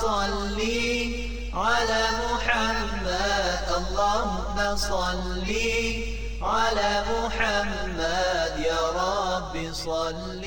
صل على محمد اللهم صل على محمد يا رب صلِّ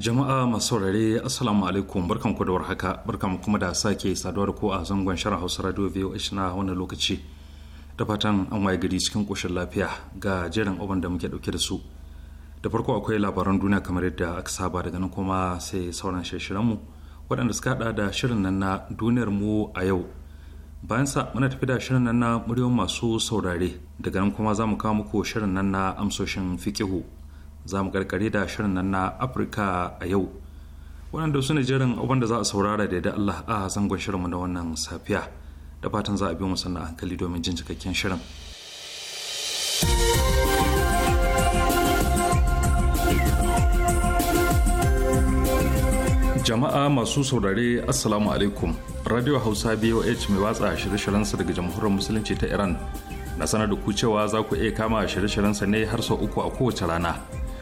Jama'a masu saurare Assalamu alaikum barkan ku da warhaka barkan kuma da sake saduwa da ku a zangon shirin Hausa Radio VOH na wannan lokaci. Da fatan an waye gari cikin koshin lafiya ga jerin abin da muke dauke da su. Da farko akwai labaran duniya kamar yadda aka saba daga nan kuma sai sauran shirin mu waɗanda suka hada da shirin nan na duniyar mu a yau. Bayan sa muna tafi da shirin nan na muryoyin masu saurare daga nan kuma za mu kawo muku shirin nan na amsoshin fikihu. za mu karkare da shirin nan na afirka a yau waɗanda su ne jirin abin da za a saurara da yadda allah a zangon shirinmu na wannan safiya da fatan za a bi mu sannan hankali domin jin cikakken shirin jama'a masu saurare assalamu alaikum radio hausa boh mai watsa shirye-shiryensa daga jamhuriyar musulunci ta iran na sanar da ku cewa za ku iya kama shirye sa ne har sau uku a kowace rana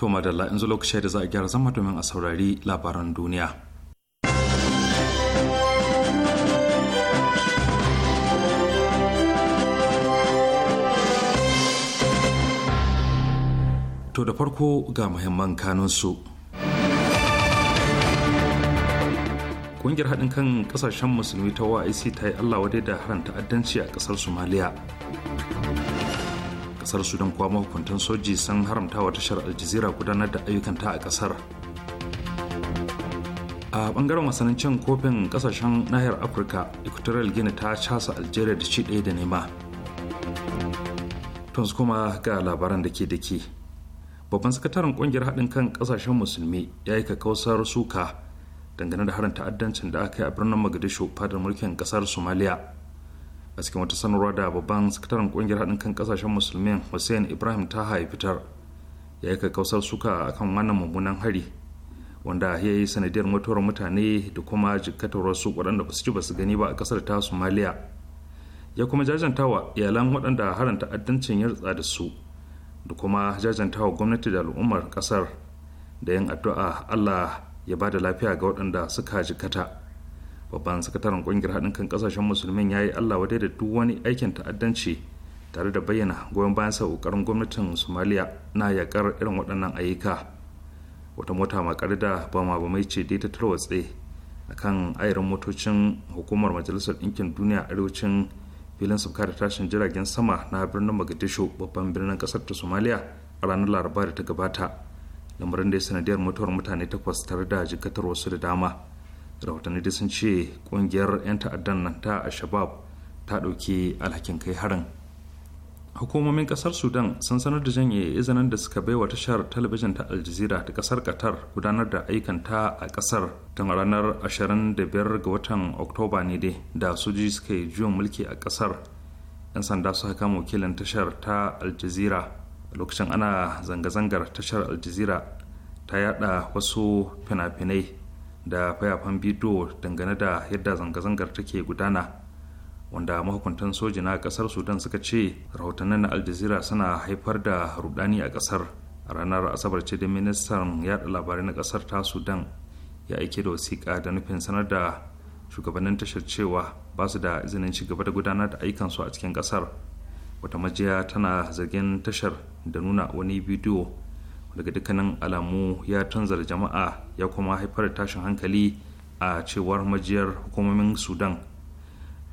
To madalla yanzu lokaci da za a gyara zama domin a saurari labaran duniya. To da farko ga muhimman kanunsu. Kungiyar haɗin kan ƙasashen musulmi ta OIC ta yi Allah wadai da haran ta'addanci a ƙasar somaliya. kasar sudan kuwa mahukuntan soji sun haramta wa tashar aljazira gudanar da ayyukanta a kasar a bangaren wasannin cin kofin kasashen nahiyar afirka equatorial guinea ta casa algeria da ci ɗaya da nema tons kuma ga labaran da ke da ke babban sakataren kungiyar haɗin kan kasashen musulmi ya yi kakausar suka dangane da harin ta'addancin da aka yi a birnin magadishu fadar mulkin kasar somaliya a cikin wata sanarwa da babban sakataren kungiyar haɗin kan ƙasashen musulmi hussein ibrahim ta haifi fitar ya yi kakkausar suka a kan wannan mummunan hari wanda ya yi sanadiyar mutuwar mutane da kuma jikatar wasu waɗanda ba su ci ba su gani ba a ƙasar ta somaliya ya kuma jajantawa iyalan waɗanda harin ta'addancin ya rutsa da su da kuma jajantawa gwamnati da al'ummar ƙasar da yin addu'a allah ya ba da lafiya ga waɗanda suka jikata babban sakataren kungiyar haɗin kan ƙasashen musulmin ya yi allah wadai da duk wani aikin ta'addanci tare da bayyana goyon bayan sa ƙoƙarin gwamnatin somaliya na yakar irin waɗannan ayyuka wata mota kar da bama mai ce dai ta tarwatse a kan ayarin motocin hukumar majalisar ɗinkin duniya arewacin filin sauka da tashin jiragen sama na birnin magadisho babban birnin kasar ta somaliya a ranar laraba da ta gabata lamarin da ya sanadiyar mutuwar mutane takwas tare da jikatar wasu da dama rahotanni da sun ce kungiyar 'yan ta'addan nan ta a shabab ta dauki alhakin kai harin hukumomin kasar sudan sun sanar da janye izinin da suka baiwa tashar talabijin ta aljazira ta kasar qatar gudanar da aikanta a kasar tun ranar 25 ga watan oktoba ne dai da suji suka yi juyin mulki a kasar yan sanda suka kama wakilin tashar ta aljazira a lokacin ana zanga-zangar tashar aljazira ta yada wasu fina-finai da fayafan bidiyo dangane da yadda zanga-zangar take gudana wanda mahukuntan soji na kasar sudan suka ce rahotannin na aljazira suna haifar da rudani a kasar a ranar asabar ce da ministan yada labarai na kasar ta sudan ya aike da wasiƙa da nufin sanar da shugabannin tashar cewa ba su da izinin ci gaba da gudanar da ayyukansu a cikin kasar wata majiya tana zargin tashar da nuna wani bidiyo daga dukkanin alamu ya da jama'a ya kuma haifar da tashin hankali a cewar majiyar hukumomin sudan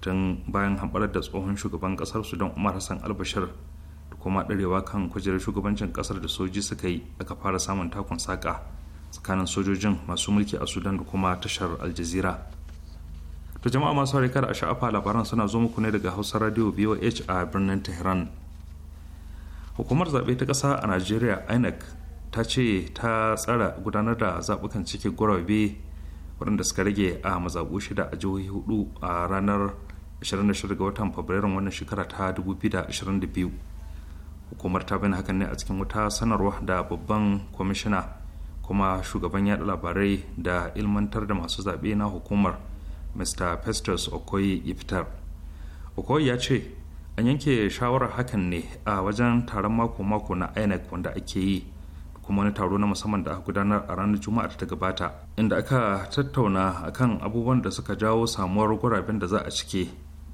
tun bayan hamɓarar da tsohon shugaban ƙasar sudan umar hassan albashir da kuma ɗarewa kan kujerar shugabancin ƙasar da soji suka yi aka fara samun takon saƙa tsakanin sojojin masu mulki a sudan da kuma tashar aljazira to jama'a masu harikar a sha'afa labaran suna zo muku ne daga hausa radio boh a birnin tehran hukumar zaɓe ta ƙasa a najeriya inec ta ce ta tsara gudanar da zaɓukan cikin gurabe waɗanda suka rage a mazaɓu shida a jihohi hudu a ranar 26 ga watan fabrairun wannan shekara ta 2022 hukumar ta bayyana hakan ne a cikin wata sanarwa da babban kwamishina kuma shugaban yada labarai da ilmantar da masu zaɓe na hukumar mr festus okoye ya fitar okoye ya ce an yanke shawarar hakan ne a wajen taron mako-mako na inec wanda ake yi kuma wani taro na musamman da aka gudanar a ranar juma'a ta gabata inda aka tattauna akan abubuwan da suka jawo samuwar guraben da za a cike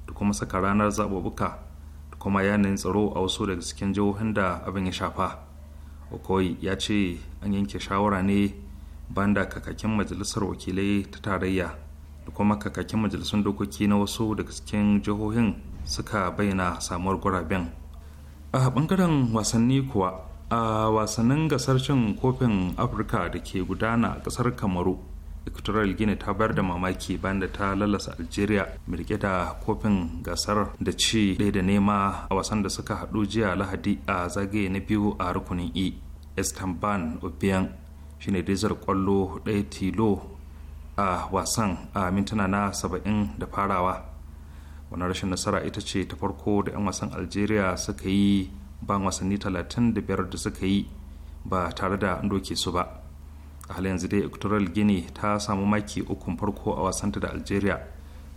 da kuma saka ranar zaɓuɓɓuka da kuma yanayin tsaro a wasu daga cikin jihohin da abin ya shafa okoi ya ce an yanke shawara ne banda kakakin majalisar wakilai ta tarayya da kuma kakakin majalisun dokoki na wasu daga cikin jihohin suka bayyana samuwar guraben a bangaren wasanni kuwa a wasannin gasar cin kofin afirka da ke gudana a kasar kamaru equatorial guinea ta bayar da mamaki bayan da ta lalasa algeria mirke da kofin gasar da ci ɗaya da nema a wasan da suka haɗu jiya lahadi a zagaye na biyu a rukunin e istanbul obiang shine dizar kwallo ɗaya tilo a wasan a mintuna na saba'in da farawa wani rashin nasara ita ce ta farko da 'yan wasan algeria suka yi ban wasanni 35 da suka yi ba tare da doke su ba a halin yanzu dai equatorial guinea ta samu maki ukun farko a wasanta da algeria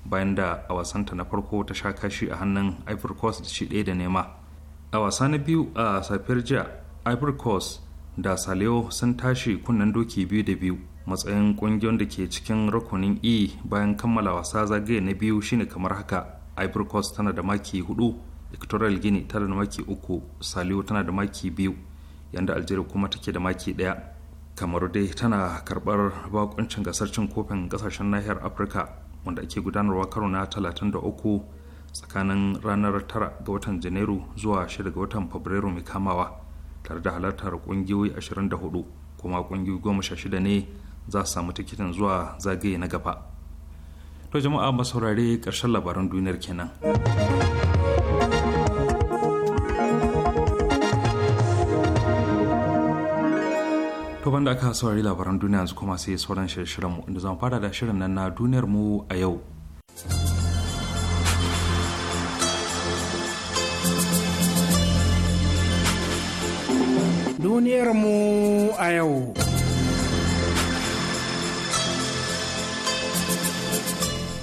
bayan da a wasanta na farko ta sha kashi a hannun ivory coast da shi ɗaya da nema a wasa na biyu a safiyar jiya ivory coast da saleo sun tashi kunnen doki biyu da biyu matsayin ƙungiyar da ke cikin rukunin e bayan kammala wasa zagaye na biyu shine kamar haka ivory coast tana da maki hudu equatorial guinea tana da maki uku saliyo tana da maki biyu yanda algeria kuma take da maki daya kamar dai tana karbar bakuncin gasar cin kofin kasashen nahiyar afirka wanda ake gudanarwa karo na 33 tsakanin ranar 9 ga watan janairu zuwa 6 ga watan fabrairu mai kamawa tare da halartar kungiyoyi 24 kuma kungiyoyi shida ne za su samu tikitin zuwa zagaye na gaba to jama'a masaurare ƙarshen labaran duniyar kenan. to banda aka saurari labaran duniya yanzu kuma sai sauran shirin mu inda zan fara da shirin nan na duniyar mu a yau duniyar mu a yau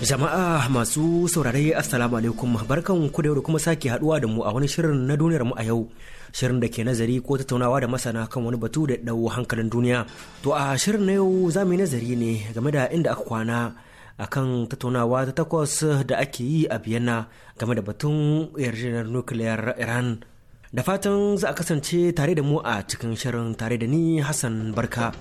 Jama'a masu saurare Assalamu alaikum barkan ku da kuma sake haduwa da mu a wani shirin na duniyar mu a yau. Shirin da ke nazari ko tattaunawa da masana kan wani batu da dawo hankalin duniya. To a shirin na yau za mu yi nazari ne game da inda aka kwana kan tattaunawa ta takwas da ake yi a biyana game da batun yarjejeniyar nukiliyar Iran. Da fatan za a kasance tare da mu a cikin shirin tare da ni Hassan Barka.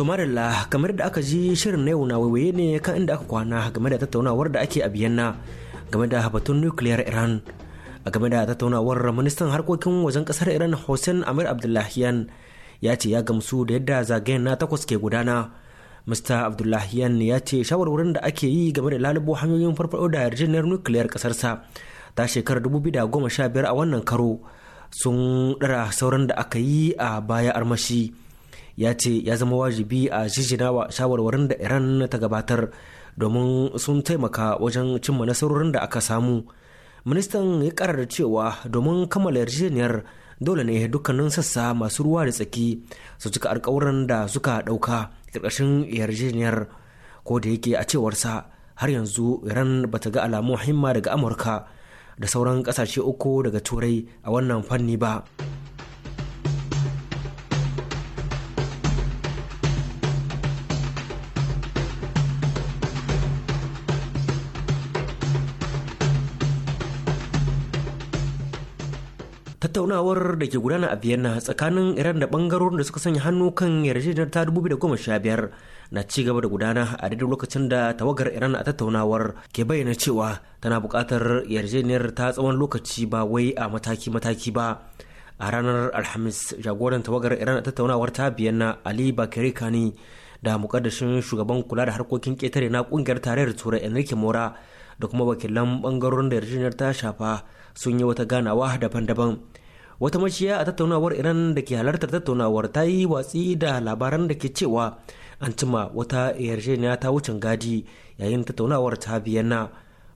To marilla kamar da aka ji shirin na yau na waiwaye ne kan inda aka kwana game da tattaunawar da ake a Vienna game da batun nukiliyar Iran. A game da tattaunawar ministan harkokin wajen kasar Iran Hussein Amir Abdullahiyan ya ce ya gamsu da yadda zagayen na takwas ke gudana. Mr. Abdullahiyan ya ce shawarwarin da ake yi game da lalubo hanyoyin farfado da yarjejeniyar nukiliyar kasarsa ta shekarar biyar a wannan karo sun ɗara sauran da aka yi a baya armashi. ya ce ya zama wajibi a wa shawarwarin da iran ta gabatar domin sun taimaka wajen cimma nasarorin da aka samu ministan ya karar cewa domin kammala yarjejeniyar dole ne dukkanin sassa masu ruwa da tsaki su cika alkawuran da suka dauka karkashin yarjejeniyar ko da yake a cewarsa har yanzu iran ba ta ga alamun himma daga amurka da sauran kasashe uku daga turai a wannan fanni ba. tattaunawar da ke gudana a vienna tsakanin iran da bangarorin da suka sanya hannu kan yarjejeniyar ta 2015 na ci gaba da gudana a daidai lokacin da tawagar iran a tattaunawar ke bayyana cewa tana buƙatar yarjejeniyar ta tsawon lokaci ba wai a mataki-mataki ba a ranar alhamis jagoran tawagar iran a tattaunawar ta vienna ali bakari kani da mukaddashin shugaban kula da harkokin ƙetare na ƙungiyar tarayyar turai enrique mora da kuma wakilan bangarorin da yarjejeniyar ta shafa sun yi wata ganawa daban-daban wata maciya a tattaunawar iran da ke halartar tattaunawar ta yi watsi da labaran da ke cewa an cima wata yarjejeniya ta wucin gadi yayin tattaunawar ta biyanna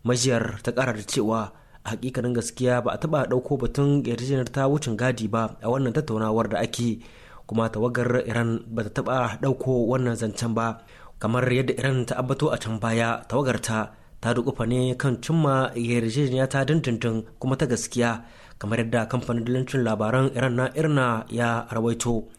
majiyar ta kara da cewa a hakikanin gaskiya ba a taba dauko batun yarjejeniyar ta wucin gadi ba a wannan tattaunawar da ake kuma tawagar iran ba ta taba dauko wannan zancen ba kamar yadda iran ta abato a can baya tawagar ta ta dukufa ne kan cimma yarjejeniya ta dindindin kuma ta gaskiya kamar yadda kamfanin dalancin labaran iran na irna ya rawaito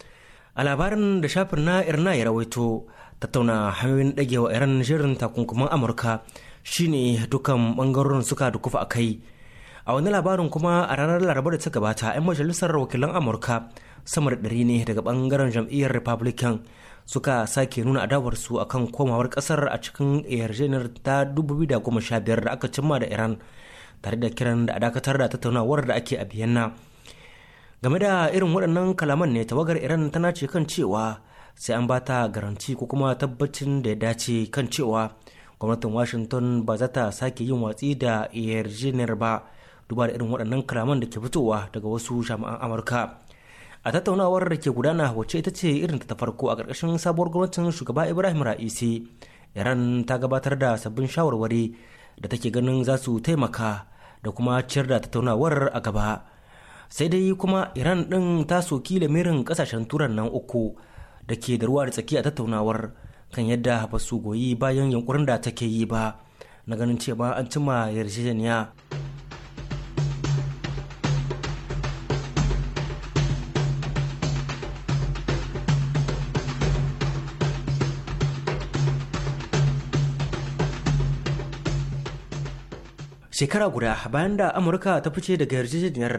a labarin da shafin na irna ya rawaito tattauna hanyoyin dagewa iran shirin takunkuman amurka shine dukan bangarorin suka dukufa a kai a wani labarin kuma a ranar laraba da ta gabata 'yan majalisar wakilan amurka sama da ɗari ne daga bangaren jam'iyyar republican suka sake nuna adawarsu akan komawar kasar a cikin yarjejeniyar ta 2015 da aka cimma da iran tare da kiran da a dakatar da tattaunawar da ake a biyanna game da irin waɗannan kalaman ne tawagar iran tana ce kan cewa sai an ba ta garanti ko kuma tabbacin da ya dace kan cewa gwamnatin washington ba za ta sake yin watsi da yarjejeniyar ba duba da irin waɗannan kalaman da ke fitowa daga wasu jami'an amurka a tattaunawar da ke gudana wacce ita ce irin ta farko a ƙarƙashin sabuwar gwamnatin shugaba ibrahim ra'isi iran ta gabatar da sabbin shawarwari da take ganin za su taimaka da kuma ciyar da tattaunawar a gaba sai dai kuma iran ɗin ta soki lamirin ƙasashen turan nan uku da ke da ruwa da tsaki a tattaunawar kan yadda ba su goyi bayan yankurin da take yi ba na ganin cewa an cimma yarjejeniya shekara guda bayan da amurka ta fice daga yarjejeniyar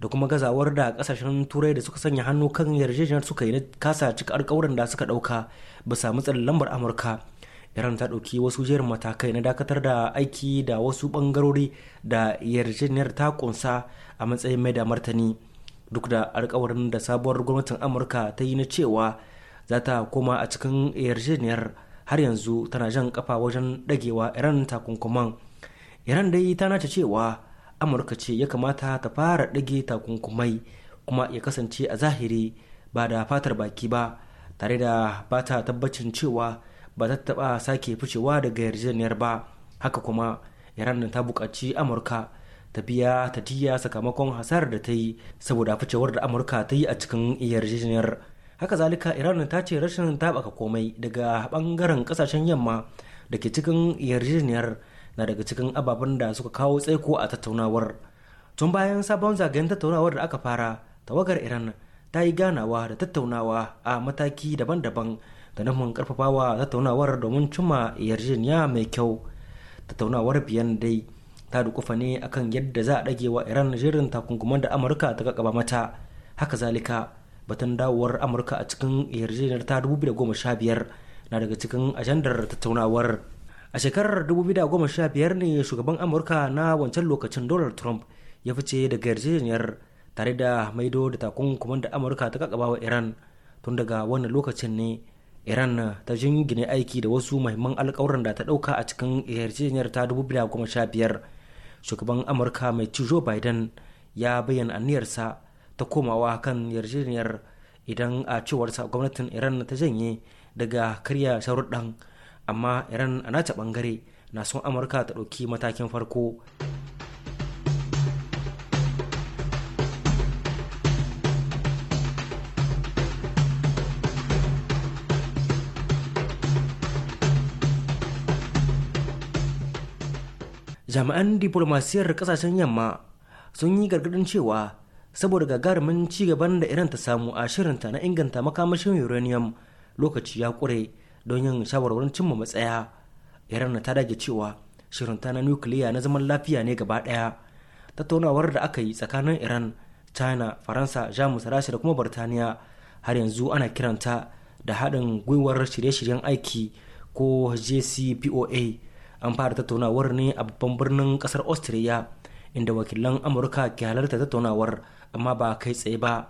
da kuma gazawar da kasashen turai da suka sanya hannu kan yarjejeniyar suka yi na kasa cika alkawuran da suka dauka bisa matsalar lambar amurka iran ta ɗauki wasu jerin matakai na dakatar da aiki da wasu bangarori da yarjejeniyar ta kunsa a matsayin mai da martani duk da alkawarin da sabuwar gwamnatin amurka ta yi na cewa za ta koma a cikin yarjejeniyar har yanzu tana jan kafa wajen dagewa iran takunkuman iran dai ta nace cewa amurka ce ya kamata ta fara ɗage takunkumai kuma ya kasance a zahiri ba da fatar baki ba tare da ba ta tabbacin cewa ba ta taɓa sake ficewa daga yarjejeniyar ba haka kuma iran ta buƙaci amurka ta biya ta jiya sakamakon hasarar da ta yi saboda ficewar da amurka ta yi a cikin yarjejeniyar haka zalika iran ta ce rashin taɓaka komai daga ɓangaren ƙasashen yamma da ke cikin yarjejeniyar na daga cikin ababen da suka kawo tsaiko a tattaunawar tun bayan sabon zagayen tattaunawar da aka fara tawagar iran ta yi ganawa da tattaunawa a mataki daban-daban da nufin karfafawa tattaunawar domin cimma yarjejeniya mai kyau tattaunawar biyan dai ta dukufa ne akan yadda za a dage wa iran jerin takunkuman da amurka ta kakaba mata haka zalika batun dawowar amurka a cikin yarjejeniyar ta 2015 na daga cikin ajandar tattaunawar a shekarar 2015 ne shugaban amurka na wancan lokacin donald trump ya fice daga yarjejeniyar tare da maido da takunkuman da amurka ta kakaba wa iran tun daga wannan lokacin ne iran ta jingine aiki da wasu mahimman alkawuran da ta dauka a cikin yarjejeniyar ta 2015 shugaban amurka mai ci joe biden ya bayyana aniyarsa ta komawa kan yarjejeniyar idan a cewarsa gwamnatin iran ta janye daga karya sharuɗan amma iran a nata bangare na son amurka ta ɗauki matakin farko jami'an diplomasiyar kasashen yamma sun yi gargadin cewa saboda gagarumin gaban da iran ta samu a shirinta na inganta makamashin uranium lokaci ya kure don yin shawarwarin cimma matsaya iran ta dage cewa shirin ta na nukiliya na zaman lafiya ne gaba daya tattaunawar da aka yi tsakanin iran china faransa jamus rasha da kuma birtaniya har yanzu ana kiranta da haɗin gwiwar shirye-shiryen aiki ko jcpoa an fara tattaunawar ne a babban birnin ƙasar austria inda wakilan amurka ke halarta tattaunawar amma ba kai tsaye ba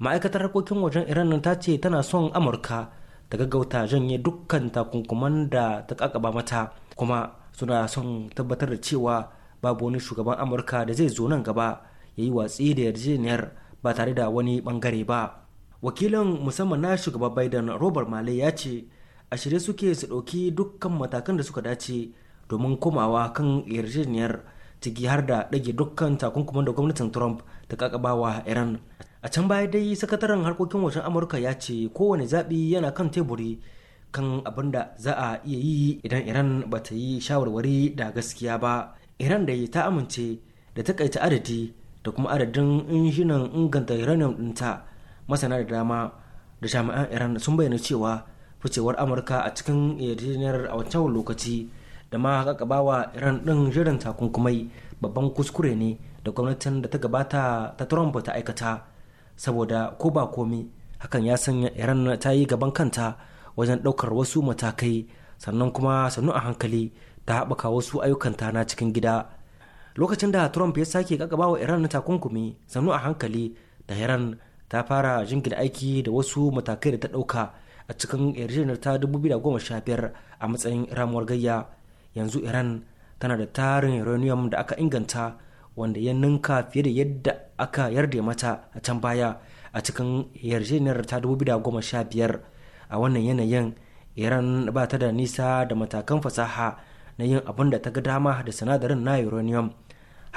ma'aikatar harkokin wajen iran ta ce tana son amurka ta gaggauta janye dukkan takunkuman da ta kakaba mata kuma suna son tabbatar da cewa babu wani shugaban amurka da zai zo nan gaba ya yi watsi da yarjejeniyar ba tare da wani bangare ba wakilin musamman na shugaba biden robert maley ya ce a shirye suke su ɗauki dukkan matakan da suka dace domin komawa kan yarjejeniyar ciki har da ɗage dukkan takunkuman da gwamnatin trump ta kakabawa iran a can baya dai sakataren harkokin wajen amurka ya ce kowane zaɓi yana kan teburi kan abin da za a iya yi idan iran ba ta yi shawarwari da gaskiya ba iran da ta amince da kaita adadi da kuma adadin injinan inganta uranium ɗinta masana da dama da jami'an iran sun bayyana cewa ficewar amurka a cikin yarjejeniyar a wancan lokaci da ma bawa iran ɗin jiran takunkumai babban kuskure ne da gwamnatin da ta gabata ta trump ta aikata saboda ko ba komi hakan ya sanya iran ta yi gaban kanta wajen ɗaukar wasu matakai sannan kuma sannu a hankali ta haɓaka wasu ayyukan ta na cikin gida lokacin da trump ya sake kakaba wa iran na takunkumi sannu a hankali da iran ta fara jingina aiki da wasu matakai da ta ɗauka a cikin yarjejeniyar ta 2015 a matsayin ramuwar gayya yanzu iran tana da tarin uranium da aka inganta wanda ya ninka fiye da yadda aka yarda mata a can baya a cikin yarjejeniyar ta sha biyar a wannan yanayin iran ba ta da nisa da matakan fasaha na yin abin da ta ga dama da sinadarin na uranium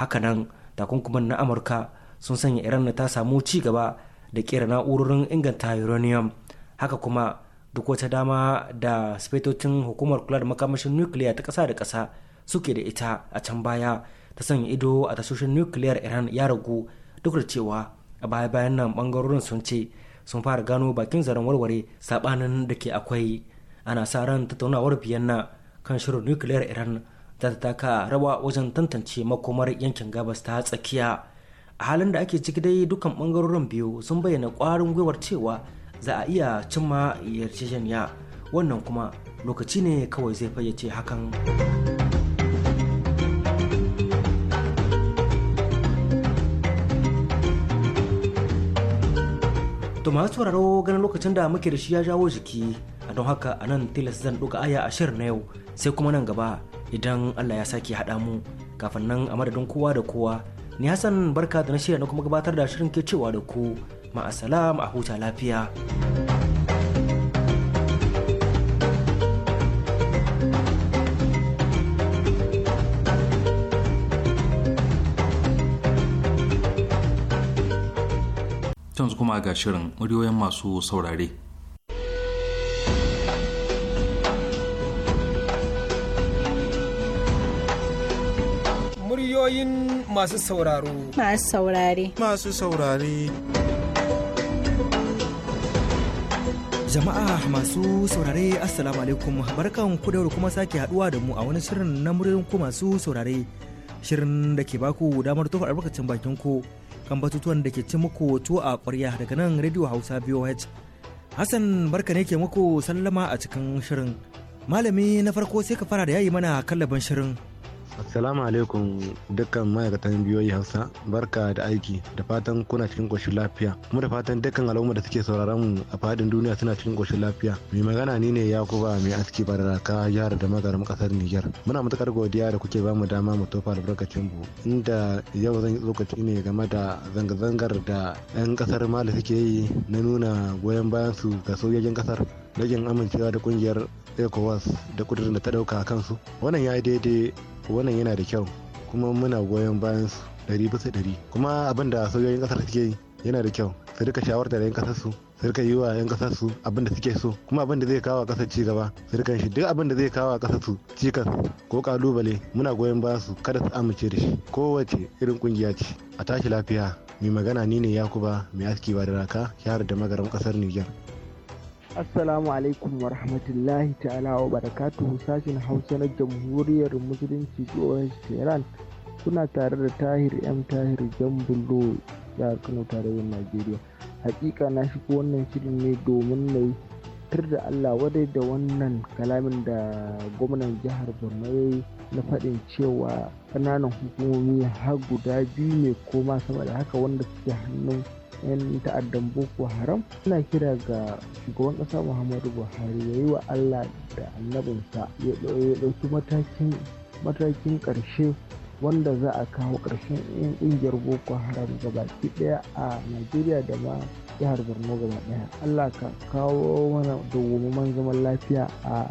hakanan takunkuman na amurka sun sanya iran ta samu ci gaba da kera na'urorin inganta uranium haka kuma duk wata dama da sifaitocin hukumar kula da makamashin nukiliya ta ƙasa da ƙasa suke da ita a can baya ta sanya ido a tasoshin nukiliyar iran ya ragu duk da cewa a baya bayan nan bangarorin sun ce sun fara gano bakin zaren warware sabanin da ke akwai ana sa ran tattaunawar biyanna kan shirin nukiliyar iran za ta taka rawa wajen tantance makomar yankin gabas ta tsakiya a halin da ake ciki dai dukkan bangarorin biyu sun bayyana kwarin gwiwar cewa za a iya cimma yarjejeniya wannan kuma lokaci ne kawai zai fayyace hakan. To masu sauraro ganin lokacin da muke da shi ya jawo jiki a don haka a nan tilas zan ɗuga aya a shirin na yau sai kuma nan gaba idan Allah ya sake haɗa mu kafin nan a madadin kowa da kowa ni Hassan barka da na shirya na kuma gabatar da shirin ke cewa da ku ma'asalam a huta lafiya. ga shirin muryoyin masu saurare. Muryoyin masu sauraro. Masu saurare. Masu saurare. Jama'a masu saurare Assalamu alaikum barkan ku da kuma sake haduwa da mu a wani shirin na muryoyin ku masu saurare. Shirin da ke baku damar tofa albarkacin bakin ku kan batutuwan da ke ci muku tuwo a ƙwarya daga nan Radio Hausa BOH. Hassan barka ne ke muku sallama a cikin shirin. Malami na farko sai ka fara da yayi mana kallaban shirin. Assalamu alaikum dukkan ma'aikatan biyoyi Hausa barka da aiki da fatan kuna cikin koshin lafiya kuma da fatan dukkan al'umma da suke sauraron mu a fadin duniya suna cikin koshin lafiya mai magana ni ne Yakuba mai aski bararaka jihar da magaram kasar Niger muna matukar godiya da kuke bamu dama mu tofa albarkacin mu inda yau zan yi tsokaci ne game da zanga-zangar da 'yan kasar Mali suke yi na nuna goyon bayan su ga sojojin kasar rage amincewa da kungiyar Ekowas da kudurin da ta dauka kansu wannan ya yi daidai wannan yana da kyau kuma muna goyon bayan su ɗari bisa ɗari kuma abin da sojojin ƙasar suke yi yana da kyau su rika da 'yan ƙasar su su rika yi wa 'yan ƙasar su abin da suke so kuma abin da zai kawo a ƙasar ci gaba su rika shi duk abin da zai kawo a ƙasar su cikas ko kalubale muna goyon bayan su kada su amince da shi kowace irin kungiya ce a tashi lafiya mai magana ni ne yakuba mai aski ba da raka shahar da magaran ƙasar niger Assalamu alaikum wa rahmatullahi ta'ala wa barakatuhu sashen Hausa na Jamhuriyar Musulunci Goyon Tehran suna tare da Tahir M Tahir Jambulo jihar Kano tarayyar Najeriya. Hakika na shigo wannan shirin ne domin na yi tar da Allah wadai da wannan kalamin da gwamnan jihar Borno ya yi na faɗin cewa ƙananan hukumomi har guda biyu ne koma sama da haka wanda suke hannun 'yan ta'addan boko haram ana kira ga shugaban ƙasa muhammadu buhari ya yi wa allah da annabinsa ya ɗauki matakin matakin ƙarshe wanda za a kawo ƙarshen 'yan ƙungiyar boko haram gabaki ɗaya a najeriya da ma jihar borno gaba ɗaya allah ka kawo mana dawwammamen zaman lafiya a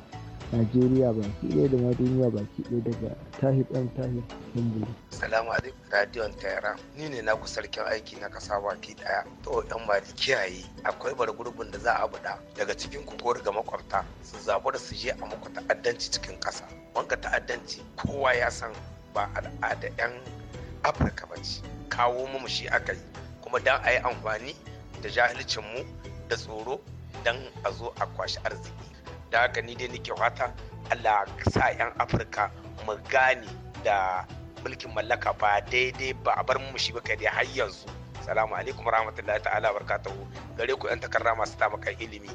Najeriya baki ɗaya da ma duniya baki ɗaya daga Tahir ɗan Tahir Kimbiri. Salamu alaikum radiyon tayara ni ne ku sarkin aiki na kasa baki ɗaya to ɗan da kiyaye akwai bargurbin da za a buɗa daga cikin ku ko daga makwabta su zabura su je a muku ta'addanci cikin ƙasa wanka ta'addanci kowa ya san ba al'ada 'yan afirka ba ce kawo mu shi aka yi kuma dan a yi amfani da mu da tsoro dan a zo a kwashi arziki da haka ni dai nake wata allah sa 'yan afirka mu gane da mulkin mallaka ba daidai ba a bar mu shi ba kai har yanzu salamu alaikum rahmatullahi ta'ala barkatahu gare ku 'yan takarda masu tamakan ilimi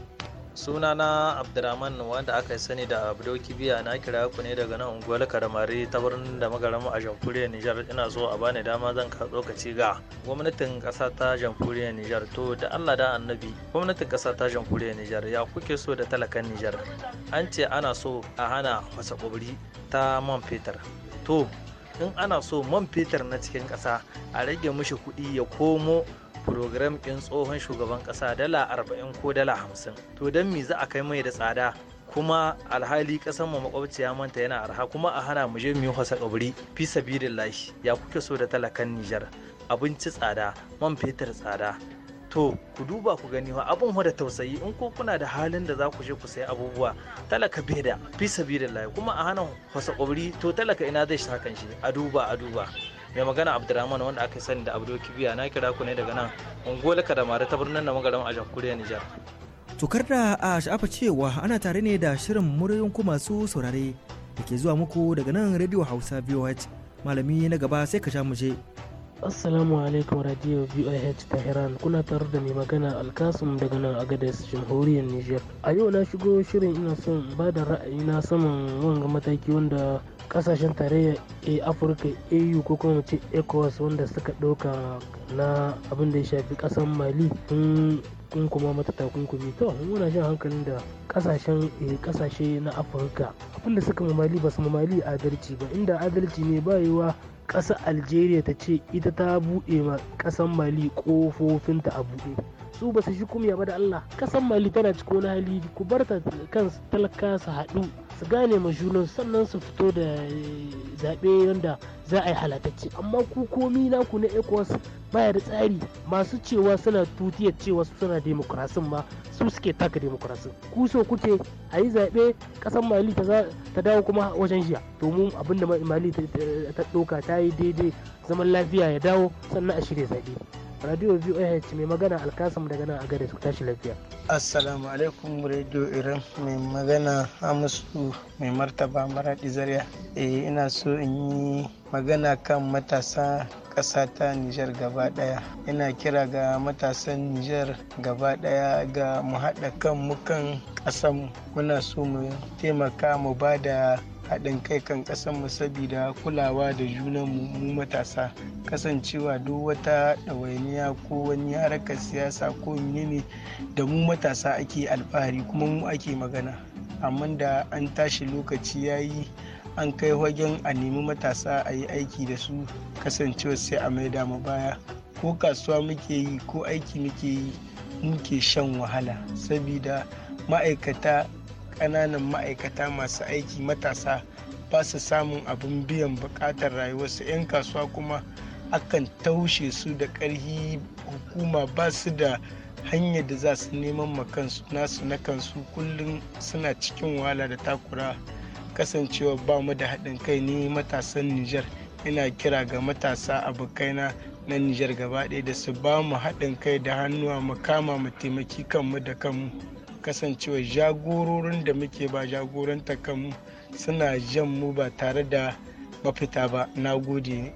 sunana abdurrahman wanda aka sani da abdo kibiya na kira ku ne daga nan unguwar karamari ta birnin da magaramu a jamhuriyar nijar ina so a bani dama zan ka tsokaci ga gwamnatin ƙasa ta jamhuriyar nijar to da allah da annabi gwamnatin ƙasa ta jamhuriyar nijar ya kuke so da talakan nijar an ce ana so a hana wasa ƙobri ta man fetur to in ana so man fetur na cikin ƙasa a rage mishi kuɗi ya komo program ɗin tsohon shugaban ƙasa dala 40 ko dala 50 to don me za a kai mai da tsada kuma alhali ƙasar mu ya manta yana arha kuma a hana mu je mu hasa kaburi fi sabilillahi ya kuke so da talakan Nijar abinci tsada man fetur tsada to ku duba ku gani wa abin da tausayi in ko kuna da halin da za ku je ku sayi abubuwa talaka beda fi sabilillahi kuma a hana hasa kaburi to talaka ina zai sha kan shi a duba a duba mai magana abdurrahman wanda aka sani da abdul kibiya na kira ku ne daga nan ungola kadamare ta birnin na magaran a jamhuriyar nijar tokar da a sha'afa cewa ana tare ne da shirin muryoyin ku masu saurare da ke zuwa muku daga nan radio hausa voh malami na gaba sai ka sha mu je Assalamu alaikum Radio VOH Tehran kuna tare da mai magana Alkasum daga nan Agadez jamhuriyar Niger. A yau na shigo shirin ina son ba da ra'ayi na saman wanga mataki wanda kasashen tarayyar afirka au ko kuma ce ecowas wanda suka ɗauka na abin da ya shafi ƙasar mali kun kuma mata takunkumi to muna shan hankalin da kasashen kasashe na afirka abin da suka mamali ba su mamali adalci ba inda adalci ne ba yiwa algeria ta ce ita ta buɗe ma ƙasar mali ƙofofinta a buɗe su ba su shi kumya ba da allah ƙasar mali tana ciko na hali ku bar kan talaka su haɗu su gane ma junan sannan su fito da eh, zaɓe wanda za a yi halatacce amma ku komi naku na ecowas baya da tsari masu cewa suna tutiyar cewa suna demokrasin ma su suke taka demokrasin ku so kuke a yi zaɓe ƙasar mali ta dawo kuma wajen jiya domin abin da mali ta ɗauka ta yi daidai zaman lafiya ya dawo sannan a shirya zaɓe radio voh mai magana alkasam daga nan a gare su tashi lafiya assalamu alaikum radio iran mai magana amsu mai martaba maraɗi zarya eh ina so in yi magana kan matasa ƙasa ta Nijar gaba ɗaya. Ina kira ga matasan Nijar gaba ɗaya ga mu haɗa kan mukan ƙasan Muna so mu taimaka mu ba da haɗin kai kan mu saboda kulawa da junanmu mu matasa kasancewa duk wata ɗawainiya ko wani harkar siyasa ko ne da mu matasa ake alfahari kuma mu ake magana amma da an tashi lokaci ya yi an kai wajen a nemi matasa a yi aiki da su kasancewa sai a mai mu baya ko kasuwa muke yi ko aiki muke yi muke shan wahala sabida ma'aikata ƙananan ma'aikata masu aiki matasa ba su samun abin biyan buƙatar rayuwarsu 'yan kasuwa kuma akan taushe su da ƙarfi hukuma ba su da hanyar da za su neman makansu nasu na kansu kullum suna cikin wahala da takura kasancewa ba mu da haɗin kai ne matasan nijar ina kira ga matasa abokaina na nijar gaba ɗaya da su ba mu haɗin kai da hannuwa mu kama mu taimaki kanmu da kanmu kasancewa jagororin da muke ba jagoranta kanmu suna jan mu ba tare da mafita ba na gode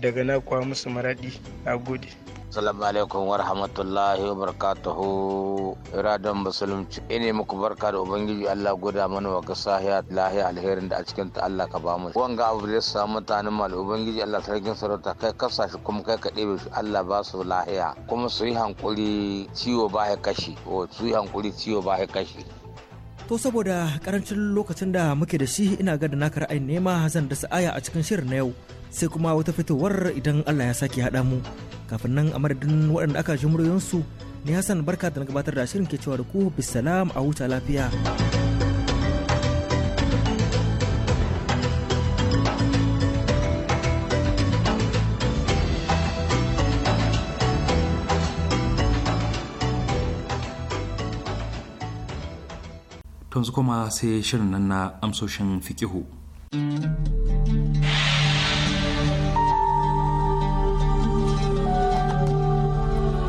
daga na kwa musu maraɗi na gode Assalamu alaikum wa rahmatullahi wa barakatuhu. Iradon Musulunci. Ine muku barka da Ubangiji Allah guda mana wa ga sahiya lahiya alherin da a cikin ta Allah ka bamu. Wanga abu da sa samu mutanen mal Ubangiji Allah sarkin sarauta kai kasa shi kuma kai ka debe shi Allah ba su lahiya. Kuma su yi hankuri ciwo ba ya kashi. O su yi hankuri ciwo ba ya kashi. To saboda karancin lokacin da muke da shi ina ga da naka ra'ayin nema zan dasa aya a cikin shirin na yau sai kuma wata fitowar idan Allah ya sake haɗa mu kafin nan a madadin waɗanda aka ji muryoyinsu ni hassan barka da na gabatar da shirin ke cewa da ku bisalam a huta lafiya. yanzu kuma sai shirin nan na amsoshin fikihu.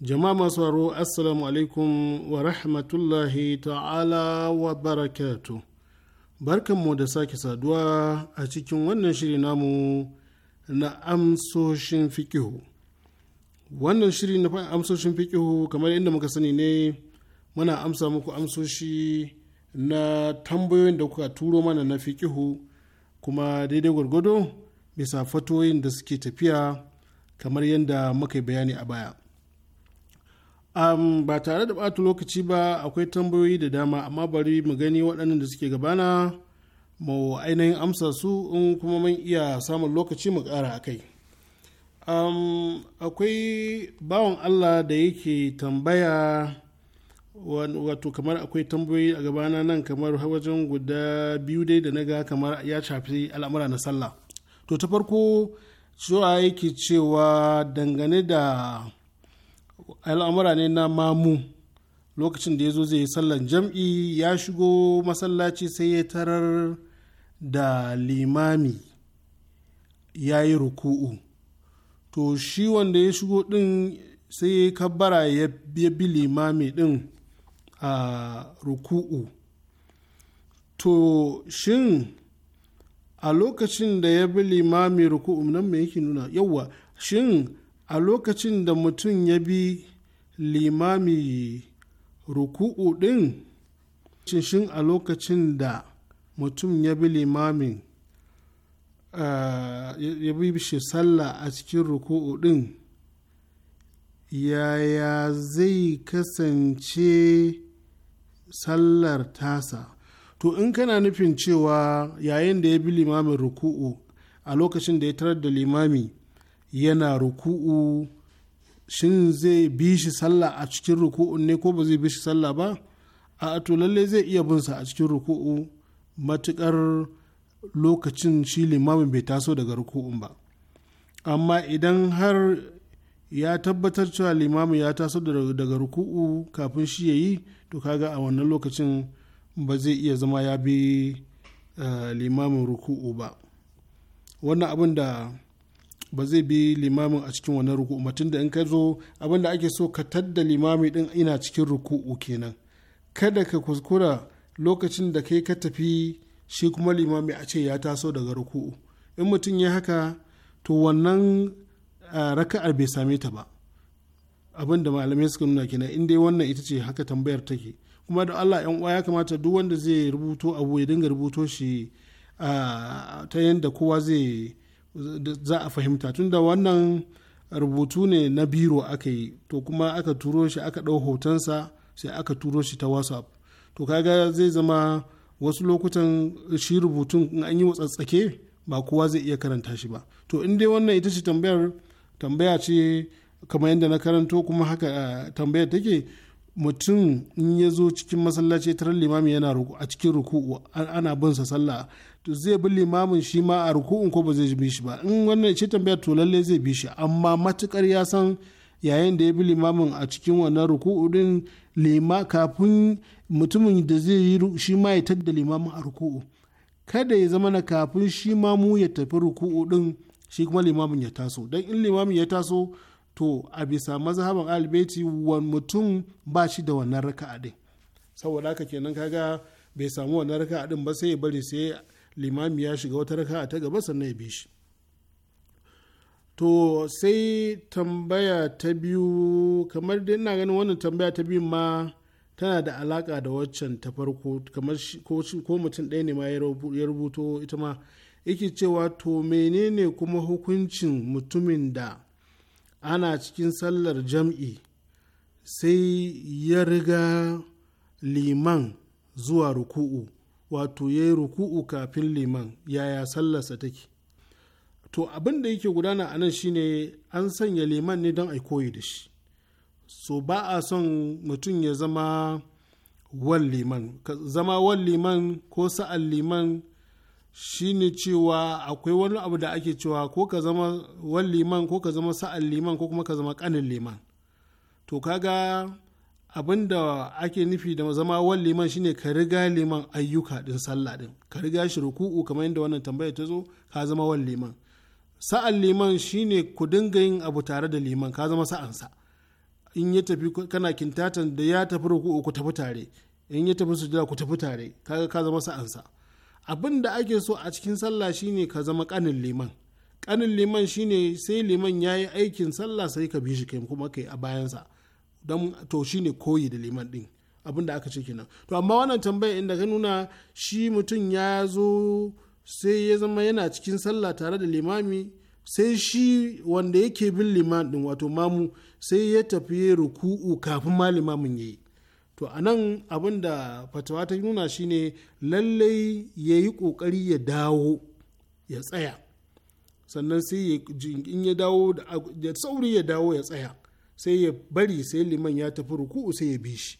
jama'a masu haro assalamu alaikum wa rahmatullahi ta'ala wa barakatu barkanmu da sake saduwa a cikin wannan shiri namu na amsoshin fikihu wannan shiri na amsoshin fikihu kamar inda muka sani ne muna amsa muku amsoshi na tambayoyin da kuka turo mana na fikihu kuma daidai gwargwado bisa fatoyin da suke tafiya kamar yadda muka bayani a baya um, ba tare da ɓata lokaci ba akwai tambayoyi da dama amma bari mu gani waɗannan da suke gabana mu ainihin amsa su in kuma mun iya samun lokaci mu ƙara a kai um, akwai bawan allah da yake tambaya wato kamar akwai tambayoyi a gabana nan kamar wajen guda biyu dai da na ga kamar ya shafi al'amura na sallah to ta farko cewa yake cewa dangane da al'amura ne na mamu lokacin da ya zo zai yi sallan jam'i ya shigo masallaci sai ya tarar da limami ya yi ruku'u to shi wanda ya shigo ɗin sai ya yi kabbara ya bi limami ɗin a ruku'u to shin a lokacin da ya bi limami ruku'u nan mai yake nuna yawwa shin a lokacin da mutum ya bi limami ruku'u ɗin cinshin a lokacin da mutum ya bi limamin ya bi shi sallah a cikin ruku'u ɗin yaya zai kasance sallar tasa to in kana nufin cewa yayin da ya bi limamin ruku'u a lokacin da ya tarar da limami yana ruku'u shin zai bi shi sallah a cikin ruku'un ne ko ba zai bi shi sallah ba a to lalle zai iya bin sa a cikin ruku'u matukar lokacin shi limamin bai taso daga ruku'un ba amma idan har ya tabbatar cewa limamin ya taso daga ruku'u kafin shi ya yi to kaga a wannan lokacin ba zai iya zama ya bi eh, limamin ruku'u ba wannan abin da ba zai bi limamin a cikin wannan ruku'u mutum da in ka zo abin da ake so ka tadda limami din ina cikin ruku'u kenan kada ka kuskura lokacin da kai ka tafi shi kuma limami a ce ya taso daga ruku'u in mutum ya haka to wannan raka'ar bai same ta ba abin da malamai suka nuna kenan in dai wannan ita ce haka tambayar take kuma da Allah yan uwa ya kamata duk wanda zai rubuto abu ya dinga rubuto shi ta yadda kowa zai za a fahimta da wannan rubutu ne na biro aka yi to kuma aka turo shi aka ɗau hotonsa sai aka turo shi ta whatsapp to kaga zai zama wasu lokutan shi rubutun in an yi watsatsake ba kowa zai iya karanta shi ba to in dai wannan ita ce tambayar tambaya ce kamar yadda na karanto kuma haka eh, tambayar take mutum in ya zo cikin masallaci tarar limami yana a cikin ruku'u ana bin sa sallah to zai bi limamin shi ma a ruku'un ko ba zai bi shi ba in wannan ce tambaya to lalle zai bi shi amma matukar ya san yayin da ya bi limamin a cikin wannan ruku'u din lima kafin mutumin da zai yi shi ma ya tadda limamin a ruku'u kada ya zama na kafin shi ma mu ya tafi ruku'u din shi kuma limamin ya taso dan in limamin ya taso to a bisa mazhaban albaiti wan mutum ba shi da wannan raka'a din saboda haka kenan kaga bai samu wannan raka'a din ba sai ya bari sai limami ya shiga wata raka ta gaba sannan ya bi shi to sai tambaya ta biyu kamar dai ina ganin wannan tambaya ta biyu ma tana da alaka da waccan ta farko kamar ko mutum ɗaya ne ma ya rubuto ita ma yake cewa to menene kuma hukuncin mutumin da ana cikin sallar jam'i sai ya riga liman zuwa ruku'u wato ya yi ruku'u kafin liman yaya sallarsa take to abin da yake gudana a nan shine an sanya liman ne don a koyi da shi so ba a son mutum ya zama wan liman zama wan liman ko sa'an liman shine cewa akwai wani abu da ake cewa ko ka zama wan liman ko ka zama sa'an liman ko kuma ka zama kanin liman to kaga abin da ake nufi da zama wan liman shine ka riga liman ayyuka din sallah din ka riga shi ruku'u kamar yadda wannan tambaya ta zo ka zama wan liman sa'an liman shine ku dinga yin abu tare da liman ka zama sa'ansa in ya tafi kana kintatan da ya tafi ruku'u ku tafi tare in ya tafi sujada ku tafi tare ga ka zama sa'ansa abin da ake so a cikin sallah shine ka zama kanin liman kanin liman shine sai liman yayi aikin sallah sai ka bi shi kai kuma kai a bayansa don to shine koyi da liman din abin da aka ce kenan to amma wannan tambayar inda ka nuna shi mutum ya zo sai ya zama yana cikin sallah tare da limami sai shi wanda yake bin liman din wato mamu sai ya tafi ruku'u kafin ma limamin yayi to a nan abin da fatawa ta nuna shine lallai ya yi ƙoƙari ya dawo ya tsaya sannan sai in ya dawo da sauri ya dawo ya tsaya sai ya bari sai liman ya tafi ruku'u sai ya bi shi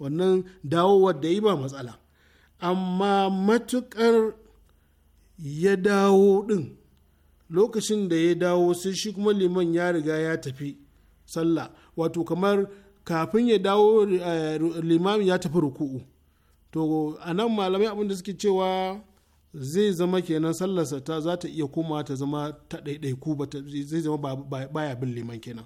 wannan dawowar da yi ba matsala amma matukar ya dawo din lokacin da ya dawo sai shi kuma liman ya riga ya tafi sallah wato kamar kafin ya dawo eh, limamin ya tafi ruku'u to a nan malamai abinda suke cewa zai zama kenan sallarsa ta za ta iya koma ta zama ta ɗaiɗaiku zai zama baya bin liman kenan